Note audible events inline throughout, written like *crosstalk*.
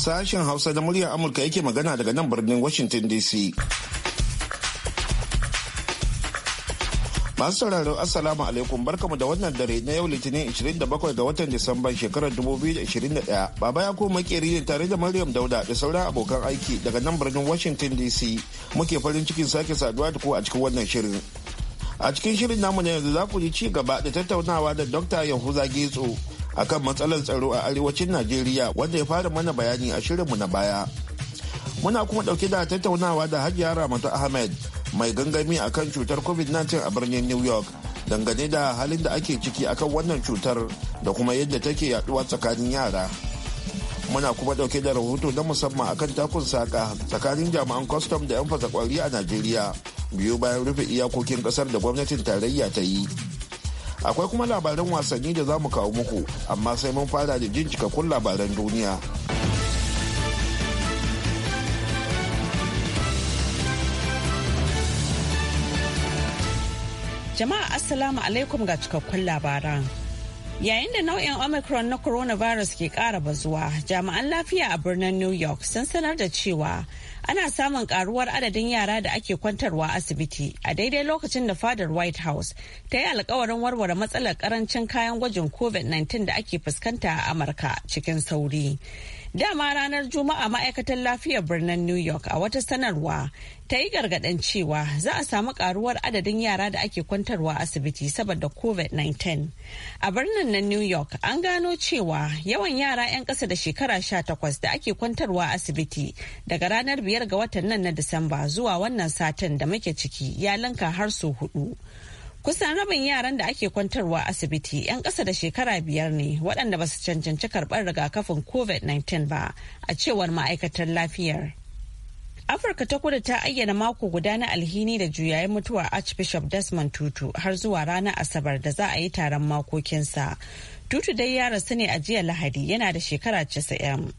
Sashen Hausa da muryar Amurka yake magana daga nan birnin Washington DC. Masu sauraro Assalamu alaikum barkamu da wannan dare na yau Litinin 27 ga watan Disamban shekarar 2021. Baba ya koma ke ne tare da Maryam Dauda da sauran abokan aiki daga nan birnin Washington DC. Muke farin cikin sake saduwa da ku a cikin wannan shirin. A cikin shirin namu na yanzu za ku ji ci gaba da tattaunawa da Dr. Yahuza Getso akan matsalar tsaro a arewacin Najeriya wanda ya fara mana bayani a shirinmu na baya. Muna kuma ɗauke da tattaunawa da Hajiya Ramatu Ahmed mai gangami akan cutar COVID-19 a birnin New York dangane da halin da ake ciki akan wannan cutar da kuma yadda take yaduwa tsakanin yara. Muna kuma ɗauke da rahoto na musamman akan takun saka tsakanin jami'an kwastam da 'yan fasa kwari a Najeriya biyu bayan rufe iyakokin ƙasar da gwamnatin tarayya ta yi. akwai kuma labaran wasanni da za mu kawo muku amma sai mun fara da jin cikakkun labaran duniya jama'a assalamu alaikum ga cikakkun labaran Yayin da nau'in Omicron na coronavirus ke ƙara bazuwa, jami'an lafiya a birnin New York sun sanar da cewa ana samun karuwar adadin yara da ake kwantarwa asibiti a daidai lokacin da fadar white house ta yi alkawarin warware matsalar karancin kayan gwajin covid-19 da ake fuskanta a amurka cikin sauri Dama ranar Juma'a ma'aikatar lafiyar birnin New York a wata sanarwa ta yi gargaɗin cewa za a samu karuwar adadin yara da ake kwantarwa asibiti saboda COVID-19. A birnin nan New York an gano cewa yawan yara 'yan ƙasa da shekara 18 da ake kwantarwa asibiti daga ranar 5 ga watan nan na Disamba zuwa wannan satin da muke ciki ya lanka har sau hudu. Kusan rabin yaran da ake kwantarwa asibiti 'yan ƙasa da shekara biyar ne waɗanda ba su cancanci karɓar rigakafin COVID-19 ba a cewar ma'aikatar lafiyar. Afirka ta kudu ta ayyana mako guda na alhini da juyayen mutuwa Archbishop Desmond Tutu har zuwa ranar Asabar da za a yi taron makokinsa. Tutu dai ya rasu ne a jiya Lahadi yana da shekara 90.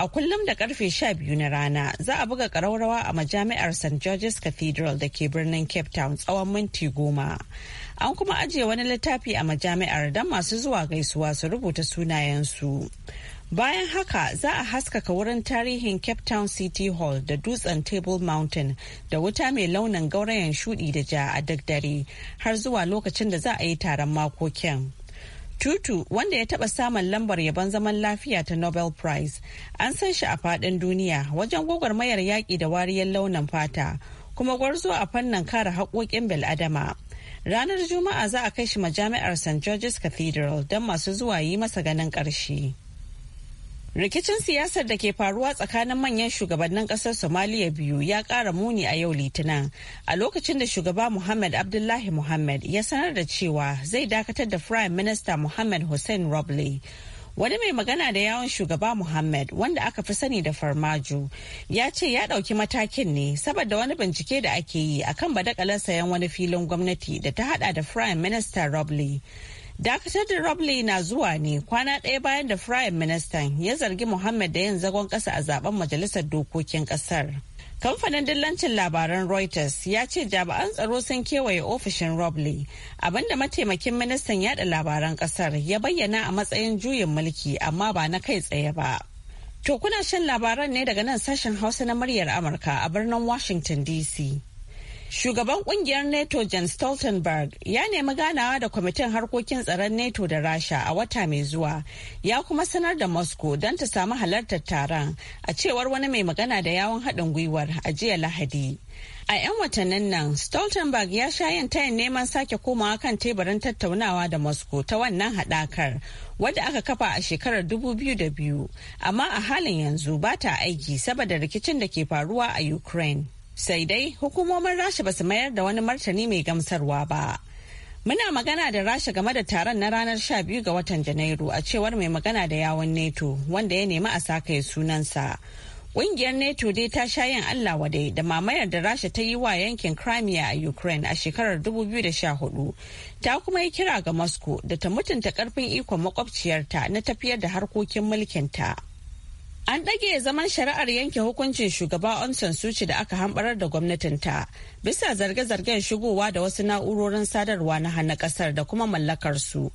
A kullum da karfe 12 na rana za a buga ƙararrawa a majami'ar St. George's Cathedral da ke birnin Cape Town tsawon minti goma. An kuma ajiye wani littafi a majami'ar don masu zuwa gaisuwa su rubuta sunayensu. Bayan haka za a haskaka wurin tarihin Cape Town City Hall da dutsen Table Mountain da wuta mai launin gaurayen shudi da ja a duk dare har zuwa lokacin da za a yi taron makokin. Tutu wanda ya taɓa samun lambar yabon zaman lafiya ta Nobel Prize an san shi a faɗin duniya wajen gwagwarmayar yaƙi da wariyar launin fata kuma gwarzo a fannin kare haƙoƙin bil'adama. Ranar Juma'a za a kai shi majami'ar St. George's Cathedral don masu zuwa yi masa ganin ƙarshe. Rikicin siyasar da ke faruwa tsakanin manyan shugabannin kasar Somaliya biyu ya kara muni a yau Litinin a lokacin da shugaba Muhammad Abdullahi Muhammad ya sanar da cewa zai dakatar da Prime Minister Muhammad Hussein Roble. Wani mai magana da yawon shugaba Muhammad wanda aka fi sani da farmaju ya ce ya dauki matakin ne saboda wani bincike da ake yi akan badakalar sayan wani filin gwamnati da ta hada da Prime Minister Roble. Dakatar da Robley na zuwa ne kwana ɗaya bayan da Firayim Ministan ya zargi Muhammad da yin zagon ƙasa a zaben Majalisar Dokokin ƙasar. Kamfanin dillancin labaran Reuters ya ce jami'an tsaro sun kewaye ofishin Robley, abinda mataimakin ministan yada labaran ƙasar ya bayyana a matsayin juyin mulki amma ba na kai tsaye ba. To kuna shan labaran ne daga nan sashen Hausa na muryar Amurka a birnin Washington DC. Shugaban kungiyar NATO Jan Stoltenberg ya nemi ganawa da kwamitin harkokin tsaron NATO da Rasha a wata mai zuwa, ya kuma sanar da Moscow don ta samu halartar taron a cewar wani mai magana da yawon haɗin gwiwar a jiya Lahadi. A 'yan watannin nan, Stoltenberg ya sha yin tayin neman sake komawa kan teburin tattaunawa da Moscow ta wannan haɗakar, wadda aka kafa a shekarar 2002, amma a halin yanzu ba ta aiki saboda rikicin da ke faruwa a Ukraine. sai dai hukumomin rasha ba su mayar da wani martani mai gamsarwa ba muna magana da rasha game da taron na ranar 12 ga watan janairu a cewar mai magana da yawon neto wanda ya nemi a saka ya sunansa ƙungiyar neto dai ta sha yin allah wadai da mamayar da rasha ta yi wa yankin crimea a ukraine a shekarar 2014 ta kuma yi kira ga moscow da ta mutunta karfin ikon makwabciyarta na tafiyar da harkokin mulkinta. ta An ɗage zaman shari'ar yanke hukuncin shugaba Aung San Suu da aka hambarar da gwamnatinta bisa zarge-zargen shigowa da wasu na'urorin sadarwa na hana ƙasar da kuma mallakar su.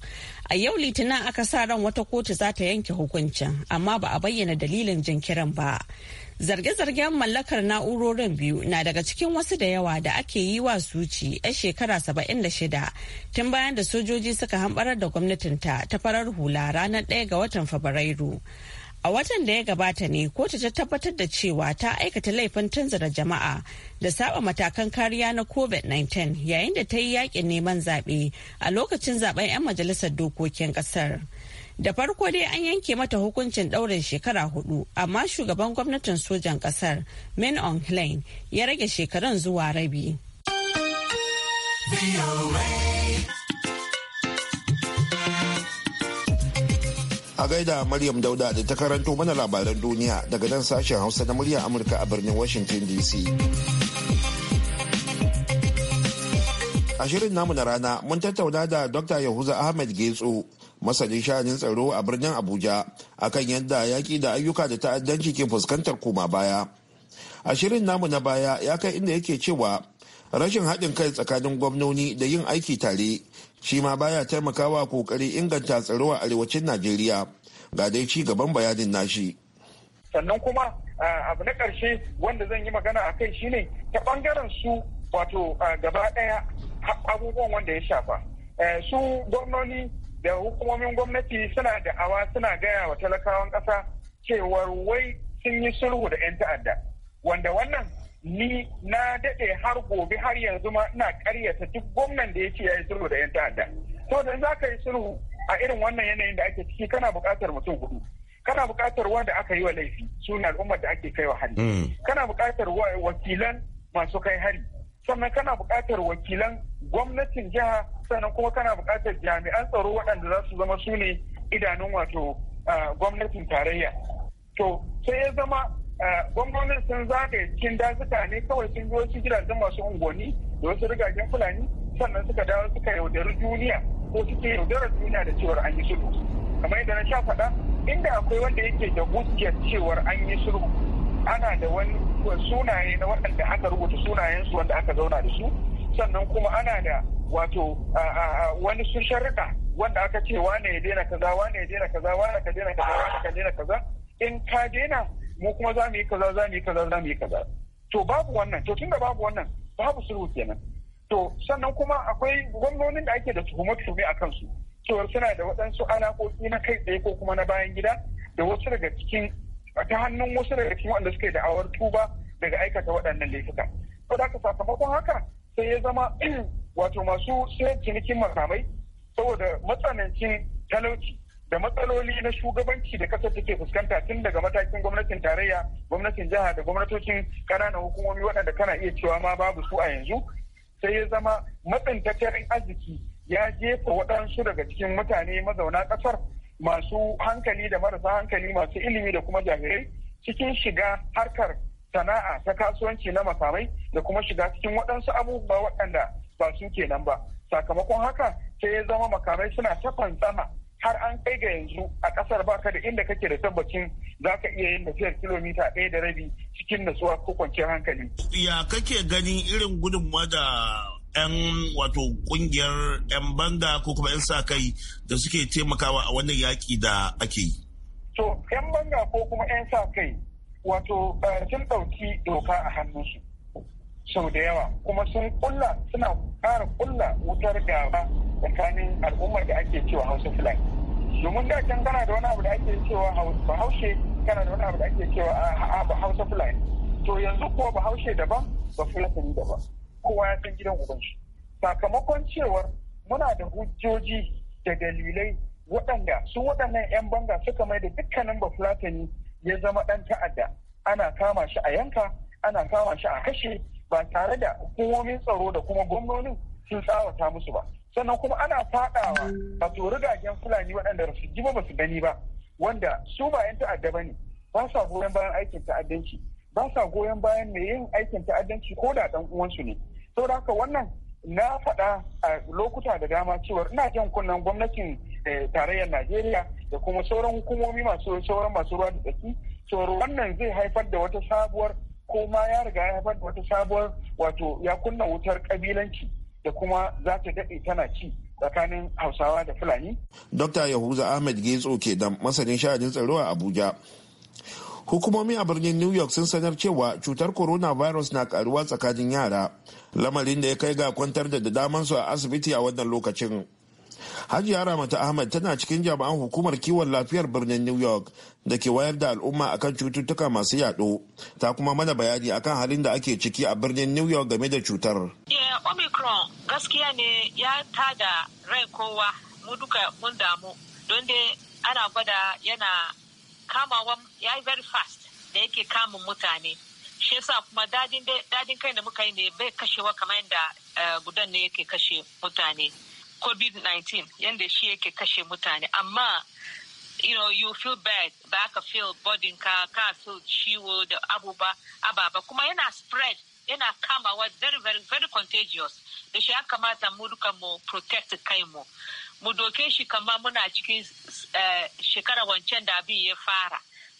A yau Litinin aka sa ran wata kotu za ta yanke hukuncin amma ba a bayyana dalilin jinkirin ba. Zarge-zargen mallakar na'urorin biyu na daga cikin wasu da yawa da ake yi wa suci 'yar shekara 76 tun bayan da sojoji suka hambarar da gwamnatinta ta farar hula ranar 1 ga watan Fabrairu. A watan da ya gabata ne kotu ta tabbatar da cewa ta aikata laifin tunzura jama'a da saba matakan kariya na COVID-19 yayin da ta yi yakin neman zaɓe a lokacin zaben 'yan majalisar dokokin ƙasar. Da farko dai an yanke mata hukuncin ɗaurin shekara hudu, amma shugaban gwamnatin sojan ƙasar Min On ya rage shekarun zuwa rabi. A gaida Maryam Dauda da ta karanto mana labaran duniya daga nan sashen Hausa na murya Amurka a birnin Washington DC. A shirin namu na rana mun tattauna da Dr. Yahuza Ahmed Getso masanin sha'anin tsaro a birnin Abuja a kan yadda yaƙi da ayyuka da ta'addanci ke fuskantar koma baya. A shirin namu na baya ya kai inda yake cewa rashin haɗin kai tsakanin gwamnoni da yin aiki tare shi ma baya taimakawa kokari inganta tsaro a arewacin najeriya ga dai ci gaban bayanin nashi sannan kuma abu na karshe wanda zan yi magana a kai shine ta bangaren su wato gaba daya abubuwan wanda ya shafa su gwamnoni da hukumomin gwamnati suna da awa suna gaya wa talakawan kasa cewar wai sun yi sulhu da 'yan ta'adda wanda wannan ni na daɗe har gobe har yanzu ma ina karyata duk gwamnan da ya ce ya yi sulhu da 'yan ta'adda to da za ka yi sulhu a irin wannan yanayin da ake ciki kana buƙatar mutum hudu kana buƙatar wanda aka yi wa laifi suna al'ummar da ake kai wa hari mm. kana buƙatar wakilan masu kai hari sannan kana buƙatar wakilan gwamnatin jiha sannan kuma kana buƙatar jami'an tsaro waɗanda za su zama su ne idanun wato ah, gwamnatin tarayya to sai ya zama Eh, gwamnonin sun zagaye cikin dazuka ne kawai sun yi wasu gidajen masu unguwanni da wasu rigajen fulani sannan suka dawo suka yaudari duniya ko suke yaudarar duniya da cewar an yi sulhu kamar yadda na sha faɗa inda akwai wanda yake da hujjar cewar an yi sulhu ana da wani sunaye na waɗanda aka rubuta sunayensu wanda aka zauna da su sannan kuma ana da wato wani sun sharrika wanda aka ce wane ya daina kaza wane ya daina kaza wane ka daina kaza wane ka daina kaza in ka daina mu kuma za mu yi kaza za mu yi kaza za mu yi kaza to babu wannan to tunda babu wannan babu sulhu kenan to sannan kuma akwai gwamnonin da ake da tuhumar tuhumi a kansu cewar suna da waɗansu alaƙoƙi na kai tsaye ko kuma na bayan gida da wasu daga cikin ta hannun wasu daga cikin waɗanda suke da'awar tuba daga aikata waɗannan laifuka. Saboda haka sakamakon haka sai ya zama *clears throat* wato masu sayar cinikin makamai saboda matsanancin talauci da matsaloli na shugabanci da kasar take fuskanta tun daga matakin gwamnatin tarayya gwamnatin jiha da gwamnatocin kananan hukumomi waɗanda kana iya cewa ma babu su a yanzu sai ya zama matsin tattalin arziki ya jefa waɗansu daga cikin mutane mazauna ƙasar masu hankali da marasa hankali masu ilimi da kuma jami'ai cikin shiga harkar sana'a ta kasuwanci na makamai da kuma shiga cikin waɗansu abubuwa waɗanda ba su nan ba sakamakon haka sai ya zama makamai suna ta fantsama har an kai ga yanzu a kasar baka da inda kake da tabbacin za ka iya yin tafiyar kilomita ɗaya da rabi cikin natsuwa ko kwanciyar hankali. Ya kake ganin irin gudunmawa da 'yan wato kungiyar 'yan banga ko kuma 'yan sa kai da suke taimakawa a wannan yaƙi da ake yi? To, 'yan banga ko kuma 'yan sa kai wato eh, sun ɗauki doka a hannunsu. sau da yawa kuma sun kulla suna ƙara kulla wutar gaba tsakanin al'ummar da ake cewa hausa fulani domin da can kana da wani abu da ake cewa bahaushe kana da wani abu da ake cewa a ah, ba ah, ah, hausa fulani to yanzu kuwa bahaushe daban ba fulani daban kowa ya san gidan ubanshi sakamakon cewar muna da hujjoji da dalilai waɗanda su waɗannan 'yan banga suka mai da dukkanin ba fulatani ya zama ɗan ta'adda ana kama shi a yanka ana kama shi a kashe ba tare da hukumomin tsaro da kuma gwamnonin sun tsawata musu ba sannan kuma ana fadawa to rigagen fulani waɗanda su ji ba su gani ba wanda su ba 'yan ta'adda ba ne ba sa goyon bayan aikin ta'addanci ba sa goyon bayan mai yin aikin ta'addanci ko da ɗan uwansu ne saboda haka wannan na faɗa a lokuta da dama cewa ina jan kunnen gwamnatin eh, tarayyar najeriya da kuma sauran hukumomi masu sauran masu ruwa da tsaki wannan zai haifar da wata sabuwar ko ma ya riga ya haifar wata sabuwar wato ya kunna wutar kabilanci da kuma za ta daɗe tana ci tsakanin hausawa da fulani. Dokta Yahuza Ahmed Getso ke da masanin sha'anin tsaro a Abuja. Hukumomi a birnin New York sun sanar cewa cutar corona virus na karuwa tsakanin yara, lamarin da ya kai ga kwantar da damansu a asibiti a wannan lokacin. hajiya ramata ahmad tana cikin jami'an hukumar kiwon lafiyar birnin new york da ke wayar da al'umma akan cututtuka masu yaɗo ta kuma mana bayani akan halin da ake ciki a birnin new york game da cutar eh, omicron gaskiya ne ya tada rai kowa mu duka mun damu don dai ana gwada yana kamawa ya yi very fast da yake kamun mutane shi yasa kuma dadin kai da muka yi ne bai kashewa kamar yadda eh, gudan ne yake kashe mutane covid-19 yadda shi yake kashe mutane amma you know you feel bad ba ka feel bodin ka ka feel ciwo da abuba ababa kuma yana spread yana kamawa very very very contagious da shi ya kamata mu duka mu protect kai mu mu doke shi kama muna cikin eh, shekara wancan da abin ya fara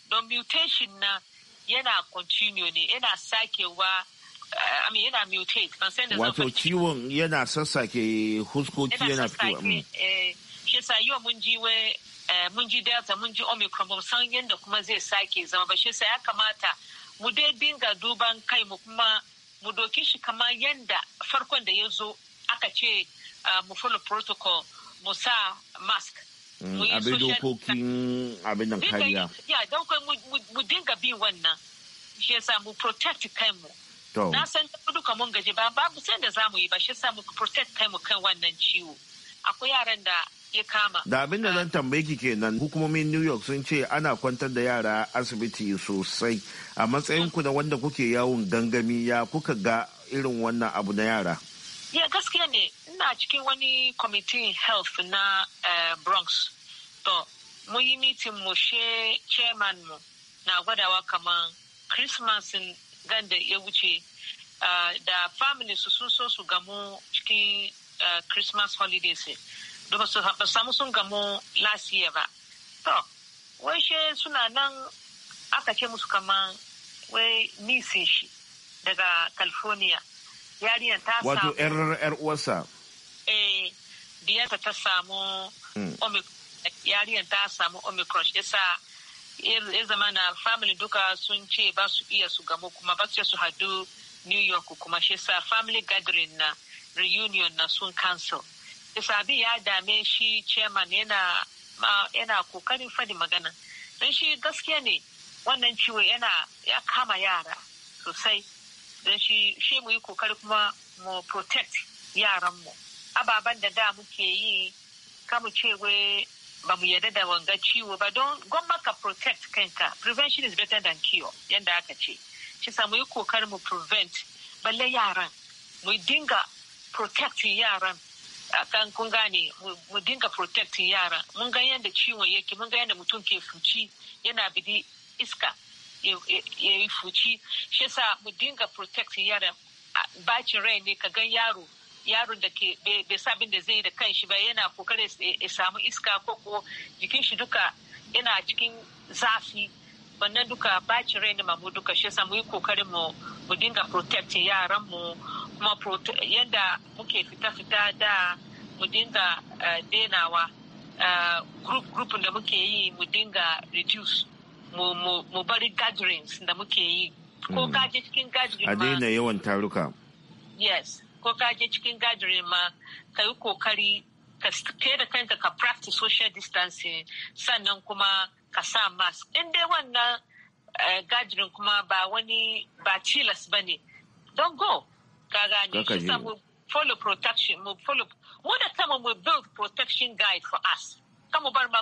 don mutation na yana continue ne yana sakewa I yana mutate ban san da wato ciwon yana sassake huskoki yana fitowa mu mm. eh, shi yi yau mun ji we eh, mun ji delta mun ji omicron ba san yadda kuma zai sake zama ba shi sa ya kamata mu dai dinga duban kai mu kuma mu doki shi kamar yadda farkon da ya zo aka ce eh, mu follow protocol mu sa mask mm, abin dokokin abin nan kariya ya don mu dinga bin wannan shi sa mu protect kai mu. Na san duka mun gaji ba babu sai da zamu yi ba shi sa mu protect kai mu kan wannan ciwo. Akwai yaran da ya kama. Da abin da zan tambaye ki kenan hukumomin New York sun ce ana kwantar da yara asibiti sosai a matsayin ku na wanda kuke yawon gangami ya kuka ga irin wannan abu na yara. Ya gaskiya ne ina cikin wani kwamitin health na eh, Bronx. To mun yi meeting mu she chairman mu na gwadawa kamar Christmas gan da ya wuce da family su sun so su gamu cikin christmas holidays da ba su samu sun gamu last year ba to wai she suna nan aka ce musu kaman wai nisi shi daga california yariyan ta samu wato yar uwarsa eh diyarta ta samu hmm. omicron yariyan ta samu omicron shi yasa ya zama na family duka sun ce ba su iya su gamu kuma ba su su hadu new york kuma shi sa family gathering na reunion na sun cancel isa abin ya dame shi chairman yana yana kokarin fadi magana don shi gaskiya ne wannan ciwo yana ya kama yara sosai don shi shi mu yi kokari kuma mu protect yaranmu ababen da da muke yi kamu ce ba mu yarda da wanga ciwo ba don gwamma ka protect kanka prevention is better than cure yanda aka ce shi mu yi kokarin mu prevent balle yaran mu dinga protecting yaran kan kun gane mu dinga protecting yara mun ga yadda ciwon yake mun ga yadda mutum ke fuci yana bidi iska ya yi fuci shi sa mu dinga protecting yaran bacin rai ne ka gan yaro yaron da ke bai sabin da zai da kanshi ba yana kokarin ya samu iska ko ko jikin shi duka yana cikin zafi wannan duka ci rai ne mamu duka shi samu yi kokarin mu mu dinga protect yaran mu kuma yanda muke fita fita da mu dinga eh, denawa eh, group group da muke yi mu dinga reduce mu bari gatherings da muke yi ko gaji mm. cikin gathering a daina yawan taruka yes ko ka je cikin gathering ma ka yi kokari ka da kanka ka practice social distancing sannan kuma ka sa mask in dai wannan eh, gathering kuma ba wani ba tilas ba ne don go ka gani shi mu follow protection mu follow mu da kama mu build protection guide for us kama bar ma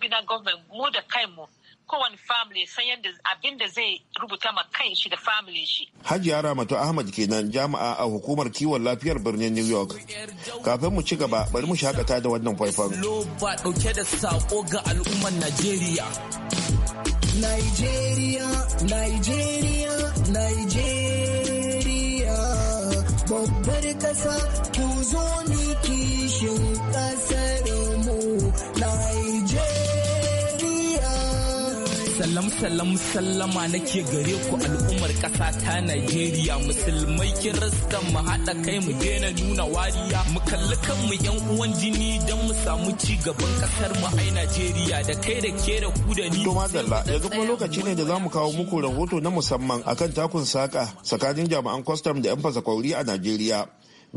bi na government mu da kai mu kowane family san yadda abin da zai rubuta ma kai shi da family shi. Hajiya Ramatu Ahmad kenan jami'a a hukumar kiwon lafiyar birnin New York. Kafin mu ci gaba bari mu shakata da wannan faifan. Loba dauke da sako ga al'ummar Najeriya. Nigeria, Nigeria, Nigeria, babbar kasa ku zo ni kishin salam salam sallama nake gare ku al'ummar ƙasa ta Najeriya musulmai kirista mu haɗa kai mu daina nuna wariya mu kalli kan mu yan uwan jini don mu samu ci gaban ƙasar mu ai Najeriya da kai da ke da ku da ni. To madalla yanzu kuma lokaci ne da za mu kawo muku rahoto na musamman akan takun saka tsakanin jami'an kwastam da 'yan fasa kwauri a Najeriya.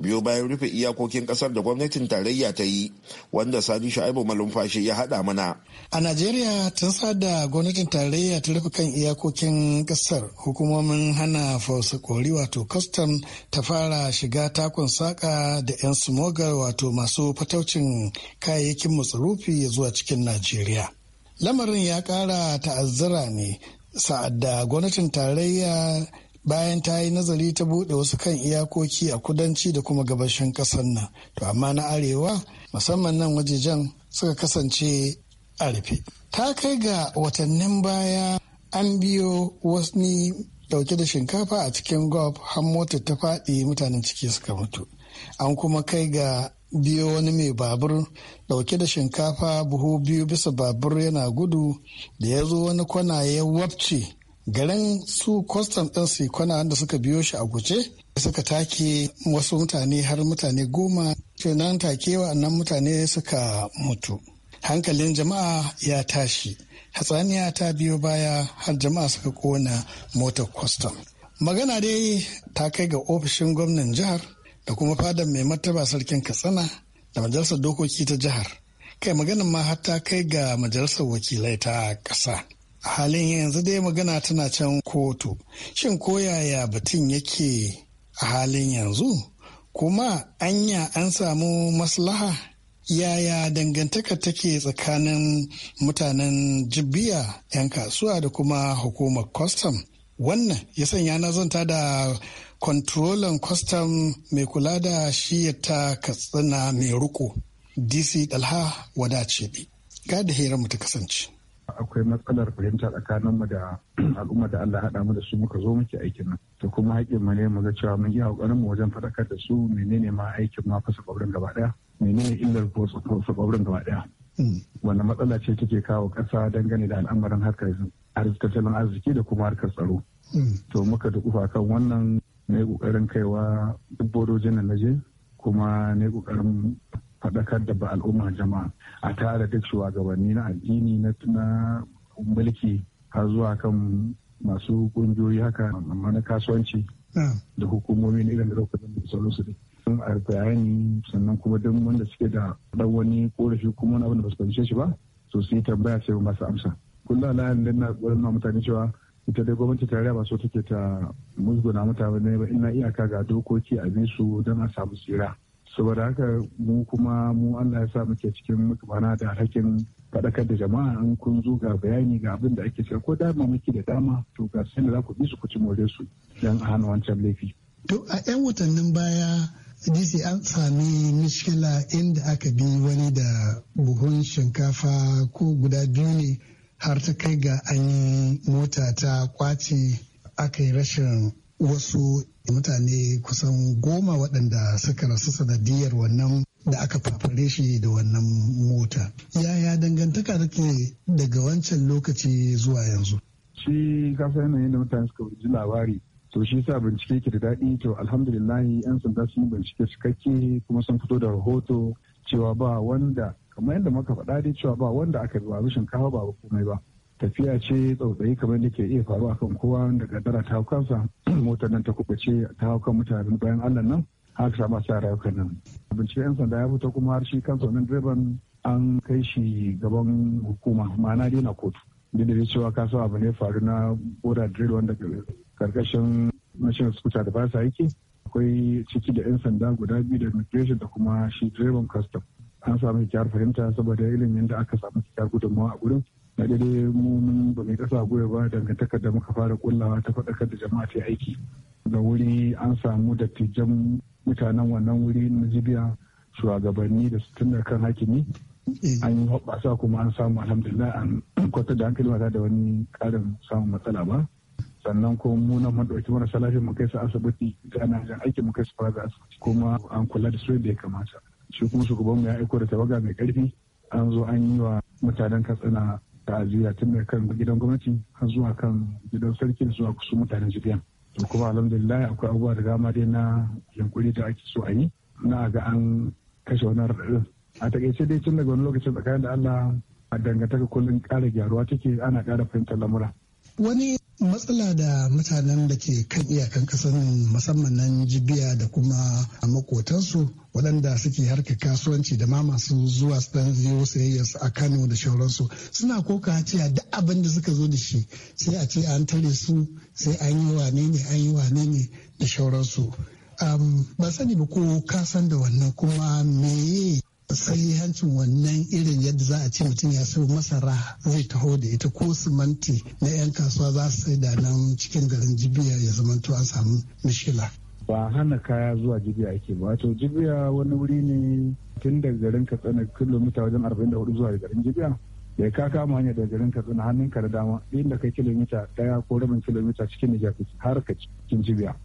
biyo bayan rufe iyakokin kasar da gwamnatin tarayya ta yi wanda sani sha'ibu malumfashi ya haɗa mana a najeriya tun sada gwamnatin tarayya ta rufe kan iyakokin kasar hukumomin hana Fausa Kori wato custom ta fara shiga takon saka da 'yan smogar wato masu fataucin kayayyakin masarufi zuwa cikin najeriya lamarin ya kara ta'azzara ne sa'ad da gwamnatin tarayya bayan ta yi nazari ta buɗe wasu kan iyakoki a kudanci da kuma gabashin ƙasar nan to amma na arewa musamman nan wajejen suka kasance a rufe ta kai ga watannin baya an biyo wani dauke da shinkafa a cikin gob har motar ta faɗi mutanen ciki suka mutu an kuma kai ga biyo wani mai babur dauke da shinkafa buhu biyu bisa babur yana gudu da ya zo wani kwana ya wabce garin su kwastam ɗin kwana da suka biyo shi a guje suka take wasu mutane har mutane goma nan take nan mutane suka mutu hankalin jama'a ya tashi hatsaniya ta biyo baya har jama'a suka kona motar kwastam magana dai ta kai ga ofishin gwamnan jihar da kuma fadar mai martaba sarkin katsina da majalisar dokoki ta jihar kai maganin ma har ta kai ga majalisar wakilai ta ƙasa halin yanzu dai magana tana can kotu shin ko yaya batun yake a halin yanzu kuma anya an samu maslaha yaya dangantaka take tsakanin mutanen jibiya 'yan kasuwa da kuma hukumar kwastam wannan ya sanya na zanta da kwantrolan kwastam mai kula da shiya ta katsina mai ruko dc dalha wadace ga da hira mu ta kasance akwai matsalar fahimta tsakanin mu da *clears throat* al'umma da Allah haɗa mu da su muka zo muke aikin nan to kuma haƙƙin mu ne mu ga cewa mun yi hakurin mu wajen fadakar da su menene ma aikin ma fasa ƙwabrin gaba daya menene illar fasa ƙwabrin gaba daya hmm. wannan matsala ce take kawo ƙasa dangane da al'amarin harkar tattalin arziki da kuma harkar tsaro hmm. to muka dukufa kan wannan ne kokarin kaiwa duk na je kuma ne kokarin faɗakar da ba al'umma jama'a a tare duk shugabanni na addini na mulki har zuwa kan masu ƙungiyoyi haka amma na kasuwanci ah. da hukumomi na irin da lokacin da sauransu dai a bayani sannan kuma duk wanda suke da dan wani korafi kuma wani abin da ba fahimce shi ba to su yi tambaya sai ba amsa kullum na yan na ƙwarin mutane cewa ita dai gwamnati tarayya ba so take ta musguna mutane ba ina iyaka ga dokoki a su don a samu tsira saboda haka mu kuma mu allah ya sa muke cikin mana da alhakin faɗakar da jama'a an kun zo ga bayani ga abin da ake cewa ko dama muke da dama to ga sai da za ku bi su ku ci more su don a hana wancan laifi. to a 'yan watannin baya DC an sami mishkila inda aka bi wani da buhun shinkafa ko guda biyu ne har ta kai ga an yi mota ta kwace aka yi rashin wasu mutane kusan goma waɗanda suka rasu sanadiyar wannan da aka fafare shi da wannan mota. Yaya dangantaka take daga wancan lokaci zuwa yanzu? Shi kasa yanayin da mutane suka ji labari to shi sa bincike ke da daɗi to alhamdulillahi 'yan sanda sun yi bincike cikakke kuma sun fito da rahoto cewa ba wanda kamar yadda muka faɗa dai cewa ba wanda aka bi ba shinkafa ba komai ba tafiya ce tsautsayi kamar da ke iya faruwa kan kowa da kaddara ta kansa *clears throat* motar nan ta kubuce ta haukan mutane bayan allah nan har ta masu rayukan nan bincike yan sanda ya fito kuma har shi kan wannan direban an kai shi gaban hukuma ma'ana dai na kotu duk da cewa ka san abu ne faru na boda direba wanda karkashin mashin scooter da ba sa aiki akwai ciki da yan sanda guda biyu da immigration da kuma shi direban custom an samu kyakkyawar fahimta saboda ilimin da aka samu kyakkyawar gudunmawa a gurin na dai mu mun ba mai kasa goya ba dangantakar da muka fara kullawa ta faɗakar da jama'a ta aiki da wuri an samu dattijan mutanen wannan wuri na jibiya shugabanni da su tunar kan hakimi eh. an yi hoɓasa kuma an samu alhamdulillah an kwata da hankali ba da wani ƙarin samun matsala ba sannan ko mu na mun ɗauki marasa salafin mu kai su asibiti ga na jan aiki mu kai su fara asibiti kuma an kula da su da ya kamata shi kuma shugaban mu ya aiko da tawaga mai ƙarfi an zo an yi wa mutanen katsina ta juya tun daga kan gidan gwamnati har zuwa kan gidan sarki da zuwa kusu mutanen jirgin to kuma alhamdulillah akwai abubuwa da dama dai na yankuri da ake so a yi na ga an kashe wani raɗaɗin a takaice dai tun daga wani lokacin tsakanin da allah a dangantaka kullum ƙara gyaruwa take ana ƙara fahimtar lamura. wani matsala da mutanen da ke kan iyakan kasar musamman nan jibiya da kuma makotansu waɗanda suke harka kasuwanci da ma masu zuwa su dan ziyo sayayyarsu a kano da shauransu suna koka cewa duk abin da suka zo da shi sai a ce an tare su sai an yi wane ne an yi wane ne da shauransu ba sani ba ko kasan da wannan kuma meye hancin wannan irin yadda za a ce mutum ya sayo masara zai taho da ita ko simanti na 'yan kasuwa za su sai da nan cikin garin jibiya ya zamanto an samu mishila. ba hana kaya zuwa jibiya ake ba wato jibiya wani wuri ne tun daga garin katsina kilomita wajen 44 zuwa garin jibiya da ka kama hanyar da garin katsina hannunka da dama inda kai kilomita daya ko rabin kilomita cikin nijar har ka cikin jibiya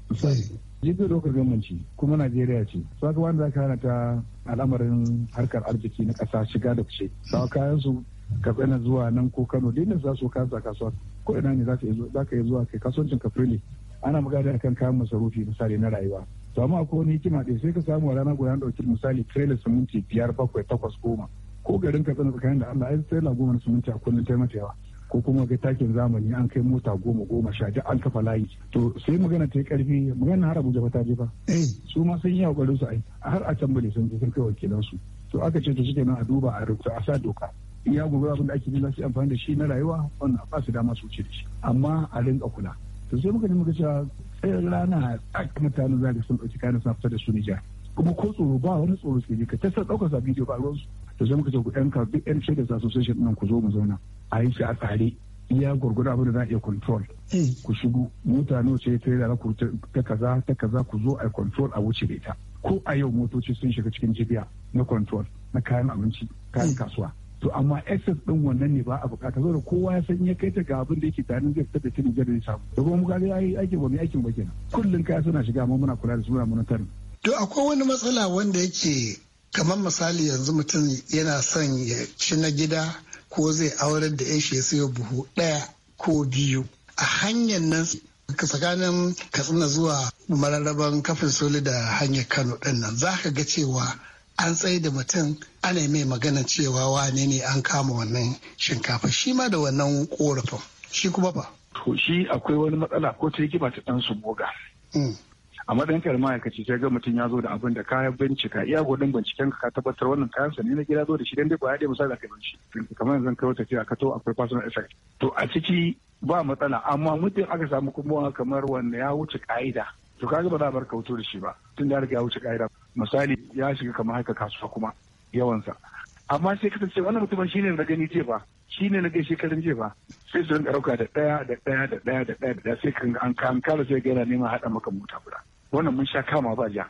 jirgin dokar gamanci kuma najeriya ce haka wanda za ka hana ta al'amarin harkar arziki na kasa shiga da fice sau kayan su ka katsina zuwa nan ko kano dinda za su kasa kasuwa ko ina ne za ka yi zuwa kai kasuwancin kafiri ana magana akan kayan masarufi misali na rayuwa to amma akwai wani hikima ɗaya sai ka samu a rana guda ɗauki misali trailer siminti biyar bakwai takwas goma ko garin katsina tsakanin da allah ai sai goma na suminti a kullum taimakawa. ko kuma ga takin zamani an kai mota goma goma sha duk an kafa layi to sai magana ta yi karfi magana har abuja ta jefa? Eh. su ma sun yi hakarin su ai har a bane sun je sun kai wakilan su to aka ce to shike nan a duba a rubuta a sa doka iya gobe abin da ake jin za su amfani da shi na rayuwa wannan a ba su dama su wuce da shi amma a rinka kula to sai muka ji muka cewa tsayin rana a mutanen zaga sun ɗauki kayan sun fita da su Nijar kuma ko tsoro ba wani tsoro suke je ka tasa ɗaukar sa bidiyo ba ruwansu da zama kace ku yan ka duk yan traders association nan ku zo mu zauna a yi shi a tsare iya gurgurda abin da za a iya control eh. ku shigo mota nawa ce trader ku ta kaza ta kaza ku zo a control a wuce da ita ko a yau motoci sun shiga cikin jibiya na control na kayan abinci kayan eh. kasuwa to amma excess din wannan ne ba a bukata zo da kowa ya san ya kai ta ga abin da yake tare zai fitar da shi Niger da samu da kuma muka ga yi aikin ba mai aikin ba kenan kullun kaya suna shiga amma muna kula da su muna monitoring to akwai wani matsala wanda yake kamar misali yanzu mutum yana son ya ci na gida ko zai aurar da shi ya siyo buhu ɗaya ko biyu a hanyar nan tsakanin katsina zuwa mararraban kafin soli da hanyar kano ɗin nan za ka ga cewa an tsaye da mutum ana mai magana cewa wane ne an kama wannan shinkafa shi ma da wannan korafin shi kuma ba. to shi akwai wani matsala ko ta hikima ta ɗan su boga. Hmm. a matsayin kar ma'aikaci sai ga mutum ya zo da abin da kayan bincika iya godin binciken ka tabbatar wannan kayan sa ne na gida zo da shi dan dai ba ya misali kai bincike kamar yanzu kai wata cewa, ka to akwai personal effect to a ciki ba matsala amma mutum aka samu kuma kamar wanda ya wuce ka'ida to kaga ba za a bar kautu da shi ba tun da ya wuce ka'ida misali ya shiga kamar haka kasuwa kuma yawansa amma sai kasance wannan mutumin shine da gani ce ba shi ne na ga shekarun jiya ba sai su ɗauka da ɗaya da ɗaya da ɗaya da ɗaya da ɗaya sai kan an kan kala sai gaira neman haɗa maka mota guda wannan mun sha kama ba ja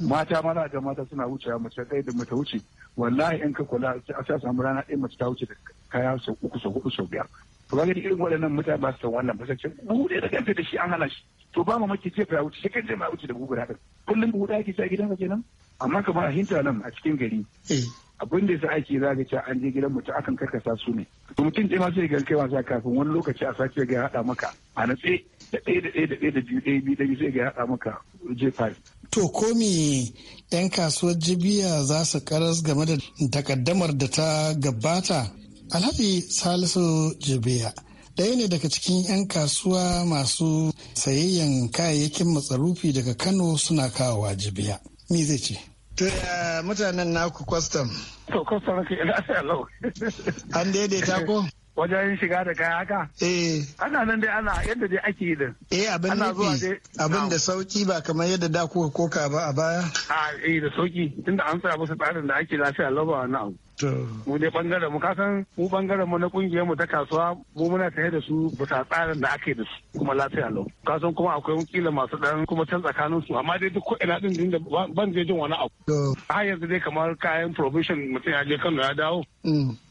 mata mana da mata suna wucewa mace ɗaya da mata wuce wallahi in ka kula a sa samu rana ɗaya mace ta wuce da kaya sau uku sau huɗu sau biyar to kaga irin waɗannan mutane ba su san wannan ba sai ce buɗe da kanta da shi an hana shi to ba mu maki jefa ya wuce shi kan ma wuce da gugu haɗin kullum guda yake sa gidansa kenan amma kamar a hinta nan a cikin gari eh. abin da sa za zaga cewa an je gidan mutum akan karkasa su ne mutum ɗaya ma sai ga kai wasa kafin wani lokaci a sake ga haɗa maka a natse da ɗaya da ɗaya da ɗaya da biyu ɗaya biyu ɗaya sai ga haɗa maka j5 To komi 'yan kasuwar jibiya za su karas game da takaddamar da ta gabata? Alhaji Salisu Jibiya ɗaya ne daga cikin 'yan kasuwa masu sayayyan kayayyakin matsarufi daga Kano suna kawo wajibiya Me zai ce? mutanen naku kwastam. To kwastam ke ina sai alau. An daidaita ko? Wajen shiga da kaya haka? Eh. Ana nan dai ana yadda dai ake yi din. Eh abin nufi abin da sauki ba kamar yadda da kuka koka ba a baya? A ah, eh da sauki tunda an tsaya musu tsarin da ake lafiya lau ba wani abu. Mu ne bangaren mu kasan mu bangaren mu na kungiyar mu ta kasuwa mu muna tare da su bisa tsarin da ake da su kuma lafiya lau. Kasan kuma akwai kila masu dan kuma can tsakanin su amma dai duk ko ina din da ban je jin wani abu. Har yanzu dai kamar kayan provision mutum ya je Kano ya dawo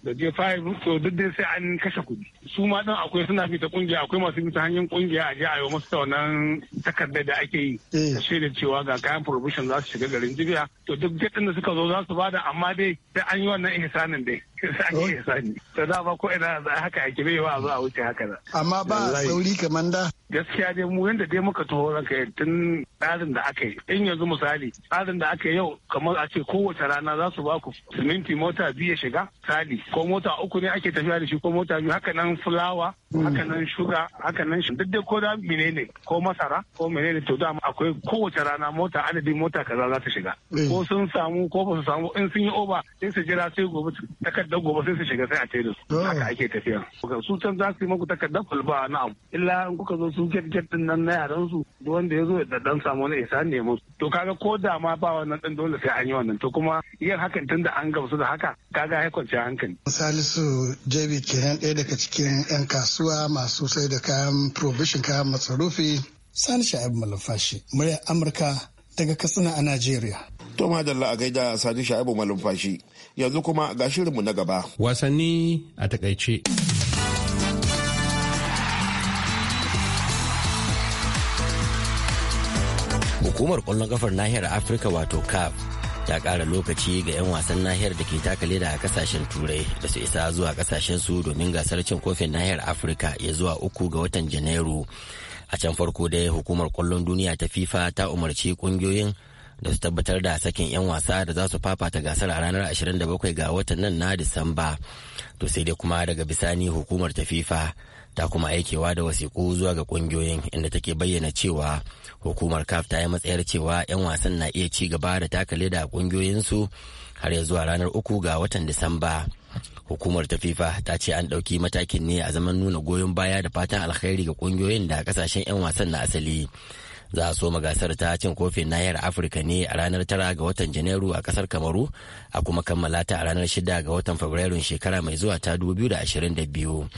da j5 to duk dai sai an kashe kuɗi su ma ɗin akwai suna fita kungiya akwai masu fita hanyar kungiya a je a yi masu ta wannan takarda da ake yi da eh. shaida cewa ga kayan provision za su shiga garin jibiya to duk dai da suka zo za su bada amma dai sai an yi wannan ihsanin dai sake sani to da ba ko ina haka ake bai wa zuwa wuce haka da amma ba sauri kaman da gaskiya dai mu yanda dai muka taho ranka tun tsarin da aka yi in yanzu misali tsarin da aka yi yau kamar a ce kowace rana za su ba ku siminti mota biyu ya shiga sali ko mota uku ne ake tafiya da shi ko mota biyu haka nan fulawa hmm. haka nan shuga haka nan duk dai ko da menene ko masara ko menene to da akwai kowace rana mota adadin mota kaza za ta shiga eh. ko sun samu ko ba su samu in sun yi oba sai su jira sai gobe takarda dan gobe sai su shiga sai a tsaye su ah. haka ake tafiya su can za su yi maku takardar kwalba na abu illa in kuka zo su get get din nan na yaran su wanda ya zo ya dan samu wani isa ne musu to kaga ko da ma ba wannan din dole sai an yi wannan to kuma yin hakan tunda an gamsu da haka kaga ya kwanci hankali salisu jebi kenan ɗaya daga cikin 'yan kasuwa masu sai da kayan provision kayan masarufi sani sha'ib malafashi muryar amurka daga katsina a najeriya to madalla a gaida sani sha'ibu malumfashi yanzu kuma ga shirinmu na gaba wasanni a takaice hukumar kwallon kafar nahiyar afirka wato caf ta ƙara lokaci ga 'yan wasan nahiyar da ke takale a kasashen turai da su isa zuwa kasashen su domin gasar cin kofin nahiyar afirka ya zuwa uku ga watan janairu a can farko dai hukumar kwallon duniya ta fifa ta umarci kungiyoyin da su tabbatar da sakin 'yan wasa da za su fafata gasar a ranar 27 ga watan nan na Disamba. To sai dai kuma daga bisani hukumar ta FIFA ta kuma aikewa da wasiƙu zuwa ga ƙungiyoyin inda take bayyana cewa hukumar CAF ta yi matsayar cewa 'yan wasan na iya ci gaba da taka leda kungiyoyin ƙungiyoyinsu har ya zuwa ranar uku ga watan Disamba. Hukumar ta FIFA ta ce an ɗauki matakin ne a zaman nuna goyon baya da fatan alkhairi ga ƙungiyoyin da kasashen 'yan wasan na asali. za a soma gasar ta cin kofin nahiyar afirka ne a ranar tara ga watan janairu a kasar kamaru a kuma kammala ta a ranar shida ga watan fabrairun shekara mai zuwa ta 2022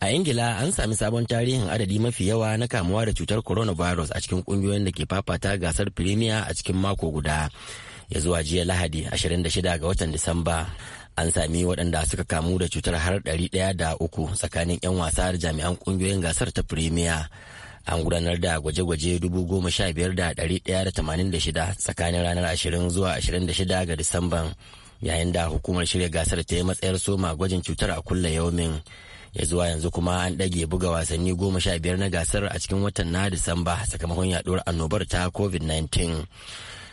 a ingila an sami sabon tarihin adadi mafi yawa na kamuwa da cutar coronavirus a cikin kungiyoyin da ke fafata gasar premier a cikin mako guda ya zuwa jiya lahadi 26 ga watan disamba an sami waɗanda suka kamu da cutar har ɗari ɗaya da uku tsakanin 'yan wasa da jami'an kungiyoyin gasar ta premier an gudanar da gwaje-gwaje 15,186 tsakanin ranar 20 zuwa 26 ga Disamban yayin da hukumar shirya gasar ta yi matsayar soma gwajin cutar a kulla yaumin ya zuwa yanzu kuma an dage buga wasanni 15 na gasar a cikin watan na Disamba sakamakon yaduwar annobar ta COVID-19.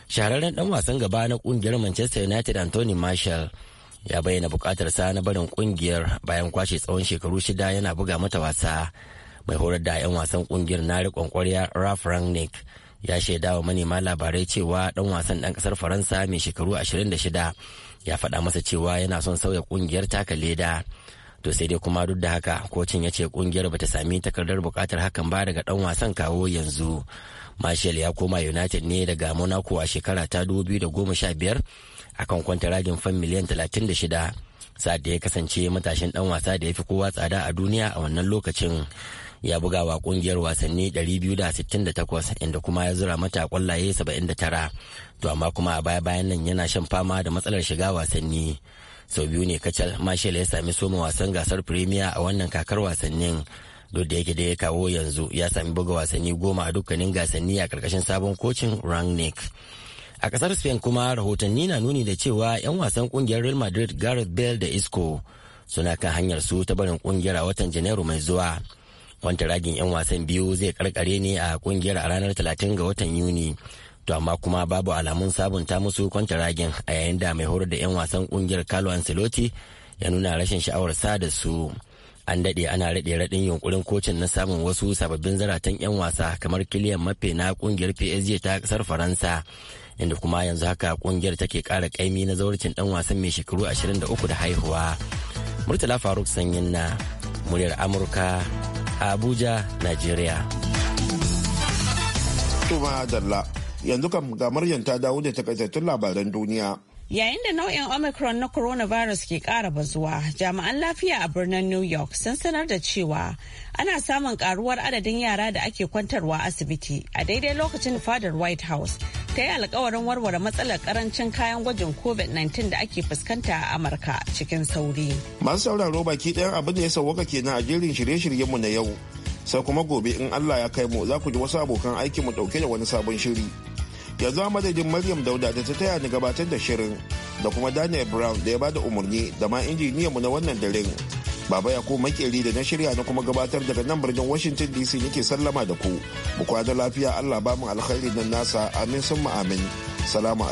Shahararren ɗan wasan gaba na ƙungiyar Manchester United Anthony Marshall ya bayyana sa na barin ƙungiyar bayan kwashe tsawon shekaru shida yana buga mata wasa. mai horar da 'yan wasan kungiyar na riƙon kwarya raf rangnick ya shaida wa manema labarai cewa dan wasan dan kasar faransa mai shekaru 26 ya faɗa masa cewa yana son sauya kungiyar taka leda to sai dai kuma duk da haka kocin ya ce kungiyar bata sami takardar bukatar hakan ba daga dan wasan kawo yanzu marshall ya koma united ne daga monaco a shekara ta 2015 akan kwantaragin fan miliyan 36 sa'ad da ya kasance matashin dan wasa da ya fi kowa tsada a duniya a wannan lokacin ya buga wa kungiyar wasanni 268 inda kuma ya zura mata kwallaye 79 to amma kuma a baya bayan nan yana shan fama da matsalar shiga wasanni sau biyu ne kacal marshal ya sami soma wasan gasar premier a wannan kakar wasannin duk da yake da ya kawo yanzu ya sami buga wasanni goma a dukkanin gasanni a karkashin sabon kocin rangnick a kasar spain kuma rahotanni na nuni da cewa 'yan wasan kungiyar real madrid gareth bale da isco suna kan hanyar su ta barin kungiyar a watan janairu mai zuwa ragin 'yan wasan biyu zai karkare ne a kungiyar a ranar 30 ga watan yuni to amma kuma babu alamun sabunta musu kwanta kwantaragin a yayin da mai horar da 'yan wasan kungiyar carlo ancelotti ya nuna rashin sha'awar sa da su an daɗe ana raɗe raɗin yunkurin kocin na samun wasu sababbin zaratan 'yan wasa kamar kiliyan mafe na kungiyar psg ta ƙasar faransa inda kuma yanzu haka kungiyar take kara kaimi na zaurucin ɗan wasan mai shekaru 23 da haihuwa murtala faruk sanyin na muryar amurka a Abuja, Najeriya. Tuma Adalla, yanzu kam ga ta dawo da takaitattun labaran duniya. Yayin da nau'in Omicron na coronavirus ke ƙara bazuwa, jami'an lafiya a birnin New York sun sanar da cewa ana samun karuwar adadin yara da ake kwantarwa asibiti a daidai lokacin fadar White House ta yi alkawarin warware matsalar karancin kayan gwajin COVID-19 da ake fuskanta a Amurka cikin sauri. Masu sauraro baki ɗayan abin da ya sauwaka kenan a jerin shirye-shiryenmu na yau. Sai kuma gobe in Allah ya kai mu za ku ji wasu abokan aikinmu ɗauke da wani sabon shiri. yanzu a madadin maryam dauda da ta taya ni gabatar da shirin da kuma daniel brown da ya bada umarni da ma mu na wannan daren baba ya ko makeri da na shirya na kuma gabatar daga nan birnin washington dc nake sallama da ku mu kwana lafiya allah ba mu alkhairi nan nasa amin sun amin salamu